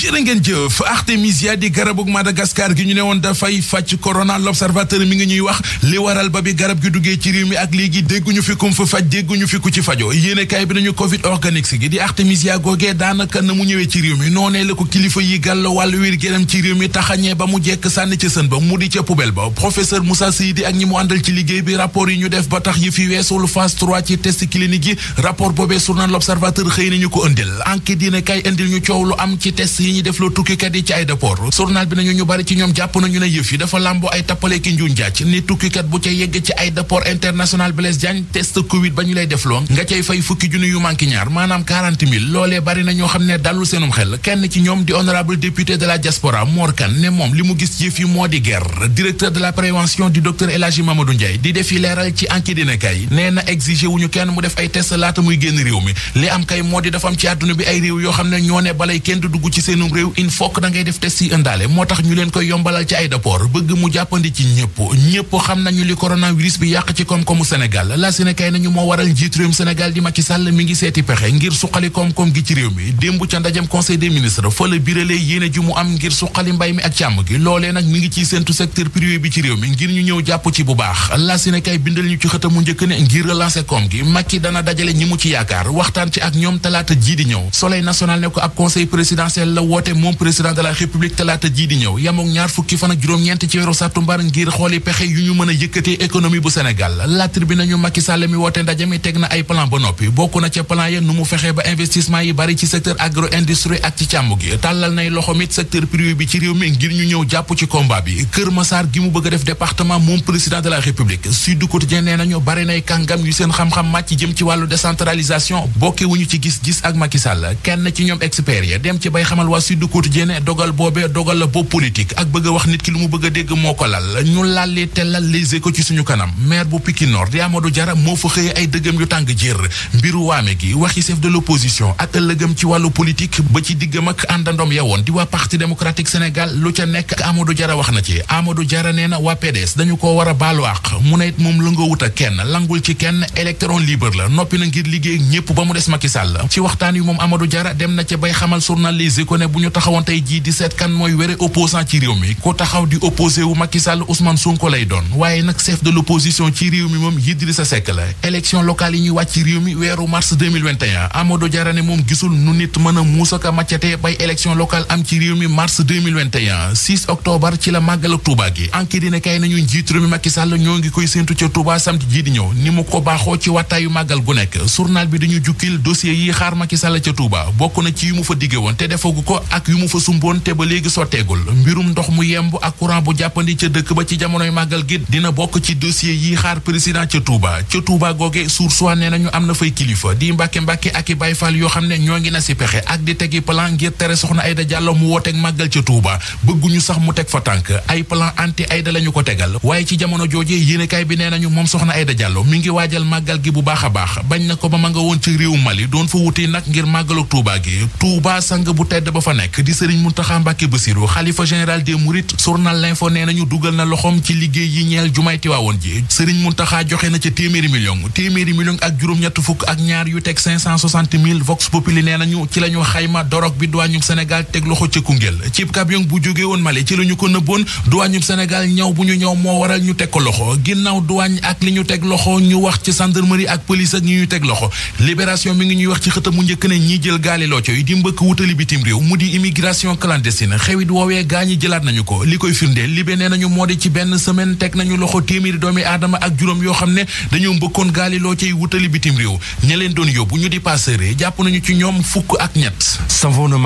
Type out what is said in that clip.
jërë ngeen jëf artémisia di garabug Madagascar gi ñu ne woon dafay fàcc corona l'observateur mi ngi ñuy wax li waral ba bi garab gi duggee ci réew mi ak léegi dégguñu fi kum fa faj dégguñu fi ku ci fajo yéene kaay bi nañu covid organique gi di artémisia googee daanaka na mu ñëwee ci réew mi noonee ko kilifa yi gàll wàllu wér géram ci réew mi taxañee ba mu jekk sànni ca sën ba mu di ca poubelle ba professeur Moussa Seydi ak ñi mu àndal ci liggéey bi rapport yi ñuy def loo tukkikat yi ci aéroport journal bi nañu ñu bari ci ñoom jàpp nañu ne yëf yi dafa làmboo ay tappale ki jàcc ni tukkikat bu ca yegg ci aéroport international Blaise test covid ba ñu lay def loo nga cay fay fukki junni yu manki ñaar maanaam loolee bari na ñoo xam ne dalul seenum xel kenn ci ñoom di honorable député de la diaspora Mor Kane ne moom li mu gis yëf yi moo di guerre directeur de la prévention du docteur El Hadji Mamadou génnum réew in fokk da ngay def test yi ëndaale moo tax ñu leen koy yombalal ci aéroport bëgg mu jàppandi ci ñëpp ñëpp xam nañu li coronavirus bi yàq ci koom-koomu Sénégal la Sénégal nañu moo waral njiit réewum Sénégal di Macky Sall mi ngi seeti pexe ngir suqali koom-koom gi ci réew mi démb ca ndajam conseil des ministres fa la birale yéene ji mu am ngir suqali mbay mi ak càmm gi loolee nag mi ngi ciy séntu secteur privé bi ci réew mi ngir ñu ñëw jàpp ci bu baax la Sénégal bindal ñu ci xëtamu njëkk ne ngir relancer dajale ñi mu ci yaakaar waxtaan ci ak ñoom jii di ñëw woote moom président de la république talaata jii di ñëw yamook ñaar fukki fan ak juróom-ñeent ci weeru sàttumbar ngir xooli pexe yu ñu mën a yëkkatee économie bu Sénégal la tribune ñu Macky Sall mi woote ndaje mi teg na ay plan ba noppi bokk na ca plan ya nu mu fexe ba investissement yi bari ci secteur agro industrie ak ci càmm gi tàllal nay loxo it secteur privé bi ci réew mi ngir ñu ñëw jàpp ci combat bi Kër Massar gi mu bëgg a def département moom président de la république Sud Quotidien nee nañu bari nay kàngam yu seen xam-xam màcc jëm ci wàllu décentralisation bokkewuñu ci gis-gis ak Macky Sall kenn ci ñoom expert dem ci bay Sud Quotidien ne dogal boobee dogal la boobu politique ak bëgg a wax nit ki lu mu bëgg a dégg moo ko lal ñu lallee te lal les échos ci suñu kanam maire bu Pikine Nord di Amadou Diarra moo fa xëyee ay dëggam yu tàng jër mbiru waame gi waxi chef de l'opposition ak ëllëgam ci wàllu politique ba ci diggam ak àndandoom yawoon di waa Parti démocratique Sénégal lu ca nekk Amadou Diarra wax na ci Amadou Diarra nee na waa PDS dañu ko war a baalu mu ne it moom la nga wut ak kenn ci kenn électron libre la noppi na ngir liggéey ñëpp ba mu des bu ñu taxawoon tey jii di seet kan mooy wére opposant ci réew mi ku taxaw di opposé wu Macky Sall Ousmane Sonko lay doon waaye nag chef de l'opposition ci réew mi moom Idrissa Seck la élection locale yi ñuy wàcc ci réew mi weeru mars 2021 Amadou moom gisul nu nit mën a muusaka maccatee bay élection locale am ci réew mi mars 2021 6 octobre ci la màggal ak Touba gi enquête dina kay nañu njiit réew mi Macky Sall ñoo ngi koy séntu ca Touba samedi jii di ñëw ni mu ko baaxoo ci wattaayu màggal gu nekk journal bi dañu jukkil dossier yi xaar Macky Sall ca Touba bokk na ci yu mu fa woon te defagu ko ak yu mu fa sumboon te ba léegi sotteegul mbirum ndox mu yemb ak courant bu jàppandi ca dëkk ba ci jamonoy màggal gi dina bokk ci dossier yi xaar président ca Touba ca Touba googe suur soi nee nañu am na fay kilifa di mbàkke mbàkke ak i bay fal yoo xam ne ñoo ngi na si pexe ak di tegi plan ngir tere soxna Ayda Diallo mu wooteeg màggal ca Touba bëgguñu sax mu teg fa tànk ay plan anti Ayda lañu ko tegal waaye ci jamono jooje yéenekaay bi nee nañu moom soxna Ayda Diallo mi ngi waajal màggal gi bu baax baax bañ na ko ba ma woon ci réew Mali doon fa nag ngir màggalu Touba fa nekk di sëriñ Muntaxa Mbàkke Basiru xalifa général des Mourides journal l'info nee nañu dugal na loxoom ci liggéey yi ñeel jumaay Tiwaawoon ji sëriñ Muntaxa joxe na ca téeméeri million ak juróom-ñett fukk ak ñaar yu teg vox populi nee nañu ci lañu xayma dorog bi duwaañum Sénégal teg loxo ca Koungheul ci camion bu jóge woon Mali ci lañu ko nëbboon duwaañum Sénégal ñaw bu ñu ñaw moo waral ñu teg ko loxo ginnaaw duwaañ ak li ñu teg loxo ñu wax ci gendarmerie mu di immigration clandestine xewit woowee gaañi jëlaat nañu ko li koy firnde libe nee nañu moo di ci benn semaine teg nañu loxo téeméeri doomi aadama ak juróom yoo xam ne dañoo mbëkkoon gaaliloo ci cay wutali bitim réew ña leen doon yóbbu ñu di passeur jàpp nañu ci ñoom fukk ak ñett